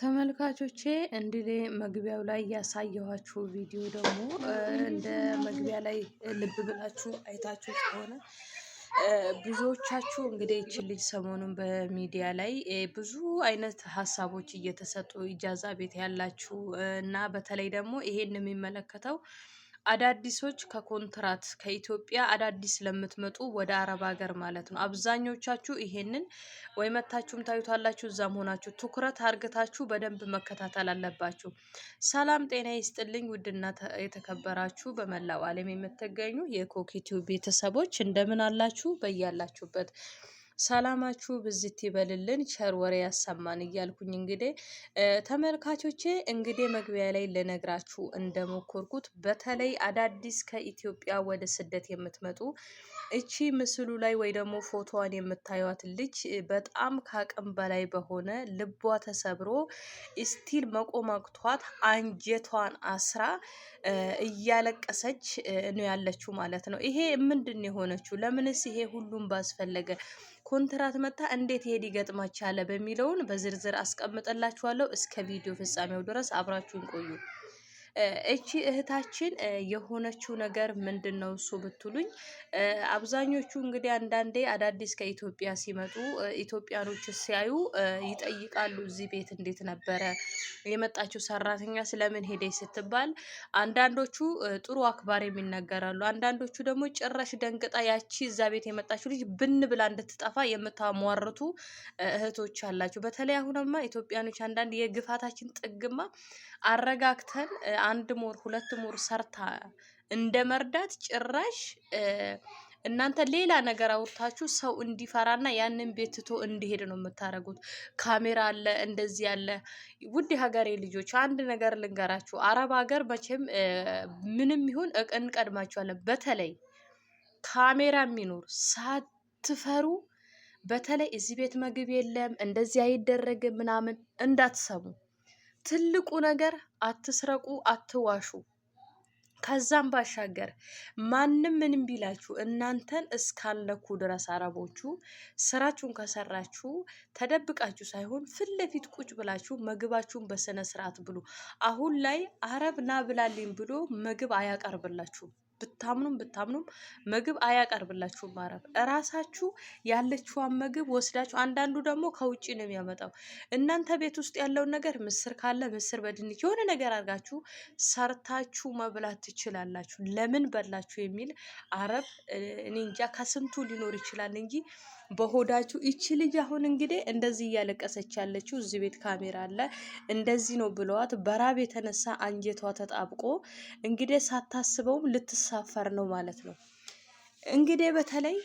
ተመልካቾቼ እንዲህ መግቢያው ላይ ያሳየኋችሁ ቪዲዮ ደግሞ እንደ መግቢያ ላይ ልብ ብላችሁ አይታችሁ ከሆነ ብዙዎቻችሁ እንግዲህ ይችን ልጅ ሰሞኑን በሚዲያ ላይ ብዙ አይነት ሀሳቦች እየተሰጡ ኢጃዛ ቤት ያላችሁ እና በተለይ ደግሞ ይሄን የሚመለከተው አዳዲሶች ከኮንትራት ከኢትዮጵያ አዳዲስ ለምትመጡ ወደ አረብ ሀገር ማለት ነው። አብዛኞቻችሁ ይሄንን ወይ መታችሁም ታዩታላችሁ፣ እዛም ሆናችሁ ትኩረት አርግታችሁ በደንብ መከታተል አለባችሁ። ሰላም ጤና ይስጥልኝ። ውድና የተከበራችሁ በመላው ዓለም የምትገኙ የኮክ ቤተሰቦች እንደምን አላችሁ? በያላችሁበት ሰላማችሁ ብዝት ይበልልን፣ ቸር ወሬ ያሰማን እያልኩኝ እንግዲህ ተመልካቾቼ እንግዲህ መግቢያ ላይ ልነግራችሁ እንደሞከርኩት በተለይ አዳዲስ ከኢትዮጵያ ወደ ስደት የምትመጡ እቺ ምስሉ ላይ ወይ ደግሞ ፎቶዋን የምታዩት ልጅ በጣም ከአቅም በላይ በሆነ ልቧ ተሰብሮ ስቲል መቆማቅቷት አንጀቷን አስራ እያለቀሰች ነው ያለችው ማለት ነው። ይሄ ምንድን የሆነችው? ለምንስ ይሄ ሁሉም ባስፈለገ? ኮንትራት መታ እንዴት ይሄድ ይገጥማች አለ በሚለውን በዝርዝር አስቀምጠላችኋለሁ። እስከ ቪዲዮ ፍጻሜው ድረስ አብራችሁን ቆዩ። እቺ እህታችን የሆነችው ነገር ምንድን ነው እሱ ብትሉኝ፣ አብዛኞቹ እንግዲህ አንዳንዴ አዳዲስ ከኢትዮጵያ ሲመጡ ኢትዮጵያኖች ሲያዩ ይጠይቃሉ፣ እዚህ ቤት እንዴት ነበረ የመጣችው ሰራተኛ ስለምን ሄደች ስትባል፣ አንዳንዶቹ ጥሩ አክባር የሚነገራሉ፣ አንዳንዶቹ ደግሞ ጭራሽ ደንግጣ ያቺ እዛ ቤት የመጣችው ልጅ ብን ብላ እንድትጠፋ የምታሟርቱ እህቶች አላችሁ። በተለይ አሁንማ ኢትዮጵያኖች አንዳንድ የግፋታችን ጥግማ አረጋግተን አንድ ሞር ሁለት ሞር ሰርታ እንደ መርዳት ጭራሽ እናንተ ሌላ ነገር አውርታችሁ ሰው እንዲፈራና ያንን ቤት ትቶ እንዲሄድ ነው የምታደርጉት። ካሜራ አለ፣ እንደዚህ ያለ ውድ ሀገሬ ልጆች አንድ ነገር ልንገራችሁ። አረብ ሀገር መቼም ምንም ይሁን እንቀድማችኋለን። በተለይ ካሜራ የሚኖር ሳትፈሩ፣ በተለይ እዚህ ቤት ምግብ የለም እንደዚህ አይደረግም ምናምን እንዳትሰሙ። ትልቁ ነገር አትስረቁ፣ አትዋሹ። ከዛም ባሻገር ማንም ምንም ቢላችሁ እናንተን እስካለኩ ድረስ አረቦቹ ስራችሁን ከሰራችሁ ተደብቃችሁ ሳይሆን ፊት ለፊት ቁጭ ብላችሁ ምግባችሁን በስነ ስርዓት ብሉ። አሁን ላይ አረብ ና ብላልኝ ብሎ ምግብ አያቀርብላችሁም። ብታምኑም ብታምኑም ምግብ አያቀርብላችሁም አረብ። እራሳችሁ ያለችዋን ምግብ ወስዳችሁ፣ አንዳንዱ ደግሞ ከውጭ ነው የሚያመጣው። እናንተ ቤት ውስጥ ያለውን ነገር ምስር ካለ ምስር በድንች የሆነ ነገር አድርጋችሁ ሰርታችሁ መብላት ትችላላችሁ። ለምን በላችሁ የሚል አረብ እኔ እንጃ ከስንቱ ሊኖር ይችላል እንጂ በሆዳችሁ። ይቺ ልጅ አሁን እንግዲህ እንደዚህ እያለቀሰች ያለችው እዚህ ቤት ካሜራ አለ እንደዚህ ነው ብለዋት በራብ የተነሳ አንጀቷ ተጣብቆ እንግዲህ ሳታስበውም ልትሳፈር ነው ማለት ነው። እንግዲህ በተለይ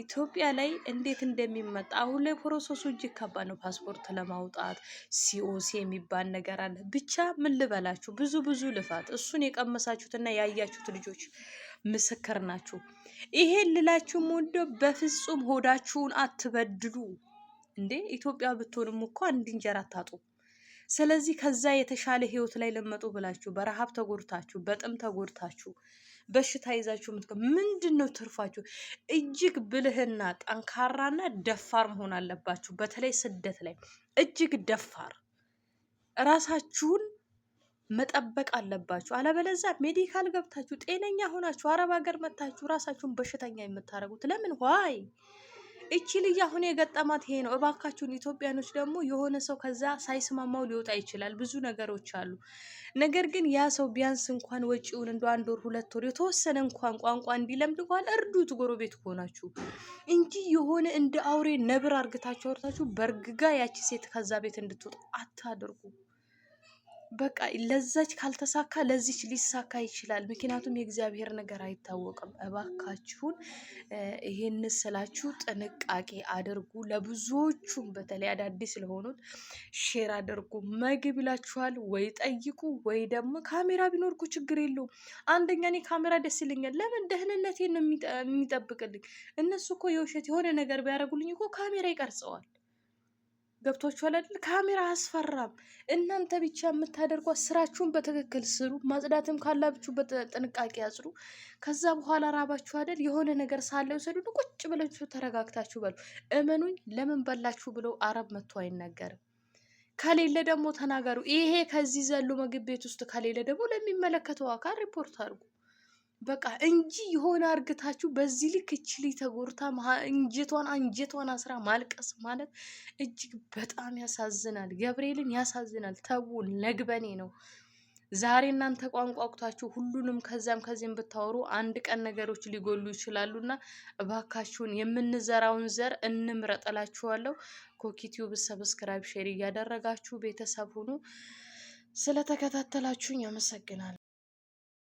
ኢትዮጵያ ላይ እንዴት እንደሚመጣ አሁን ላይ ፕሮሰሱ እጅግ ከባድ ነው። ፓስፖርት ለማውጣት ሲኦሲ የሚባል ነገር አለ። ብቻ ምን ልበላችሁ፣ ብዙ ብዙ ልፋት እሱን የቀመሳችሁትና ያያችሁት ልጆች ምስክር ናችሁ። ይሄን ልላችሁ ወንዶ በፍጹም ሆዳችሁን አትበድሉ። እንዴ ኢትዮጵያ ብትሆንም እኮ አንድ እንጀራ አታጡ። ስለዚህ ከዛ የተሻለ ህይወት ላይ ለመጡ ብላችሁ በረሃብ ተጎድታችሁ፣ በጥም ተጎድታችሁ በሽታ ይዛችሁ ምትቀ ምንድን ነው ትርፋችሁ? እጅግ ብልህና ጠንካራና ደፋር መሆን አለባችሁ። በተለይ ስደት ላይ እጅግ ደፋር ራሳችሁን መጠበቅ አለባችሁ። አለበለዚያ ሜዲካል ገብታችሁ ጤነኛ ሆናችሁ አረብ ሀገር መታችሁ ራሳችሁን በሽተኛ የምታደርጉት ለምን ዋይ እቺ ልጅ አሁን የገጠማት ይሄ ነው። እባካችሁን ኢትዮጵያኖች ደግሞ የሆነ ሰው ከዛ ሳይስማማው ሊወጣ ይችላል። ብዙ ነገሮች አሉ። ነገር ግን ያ ሰው ቢያንስ እንኳን ወጪውን እንደ አንድ ወር ሁለት ወር የተወሰነ እንኳን ቋንቋ እንዲለምድ እንኳን እርዱት፣ ጎረቤት ከሆናችሁ እንጂ የሆነ እንደ አውሬ ነብር አርግታችሁ አውርታችሁ በርግጋ ያቺ ሴት ከዛ ቤት እንድትወጣ አታድርጉ በቃ ለዛች ካልተሳካ ለዚች ሊሳካ ይችላል። ምክንያቱም የእግዚአብሔር ነገር አይታወቅም። እባካችሁን ይሄን ስላችሁ ጥንቃቄ አድርጉ። ለብዙዎቹም በተለይ አዳዲስ ለሆኑት ሼር አድርጉ። ምግብ ይላችኋል ወይ ጠይቁ፣ ወይ ደግሞ ካሜራ ቢኖርኩ ችግር የለውም። አንደኛ እኔ ካሜራ ደስ ይለኛል። ለምን ደህንነቴን ነው የሚጠብቅልኝ። እነሱ እኮ የውሸት የሆነ ነገር ቢያደርጉልኝ እኮ ካሜራ ይቀርጸዋል። ገብቷችኋል አይደል? ካሜራ አስፈራም እናንተ ብቻ የምታደርጓት ስራችሁን በትክክል ስሩ። ማጽዳትም ካላችሁ በጥንቃቄ አጽዱ። ከዛ በኋላ ራባችሁ አይደል? የሆነ ነገር ሳለ ውሰዱ። ቁጭ ብላችሁ ተረጋግታችሁ በሉ። እመኑኝ፣ ለምን በላችሁ ብለው አረብ መጥቶ አይናገርም። ከሌለ ደግሞ ተናገሩ። ይሄ ከዚህ ዘሉ ምግብ ቤት ውስጥ ከሌለ ደግሞ ለሚመለከተው አካል ሪፖርት አድርጉ። በቃ እንጂ የሆነ እርግታችሁ በዚህ ልክ እችሊ ተጎርታ እንጀቷን አንጀቷን አስራ ማልቀስ ማለት እጅግ በጣም ያሳዝናል። ገብርኤልን ያሳዝናል። ተው ነግበኔ ነው። ዛሬ እናንተ ቋንቋቁታችሁ ሁሉንም ከዚያም ከዚህም ብታወሩ አንድ ቀን ነገሮች ሊጎሉ ይችላሉ እና እባካችሁን የምንዘራውን ዘር እንምረጠላችኋለሁ። ኮኪቲዩብ ሰብስክራይብ፣ ሼር እያደረጋችሁ ቤተሰብ ሁኑ። ስለተከታተላችሁኝ አመሰግናለሁ።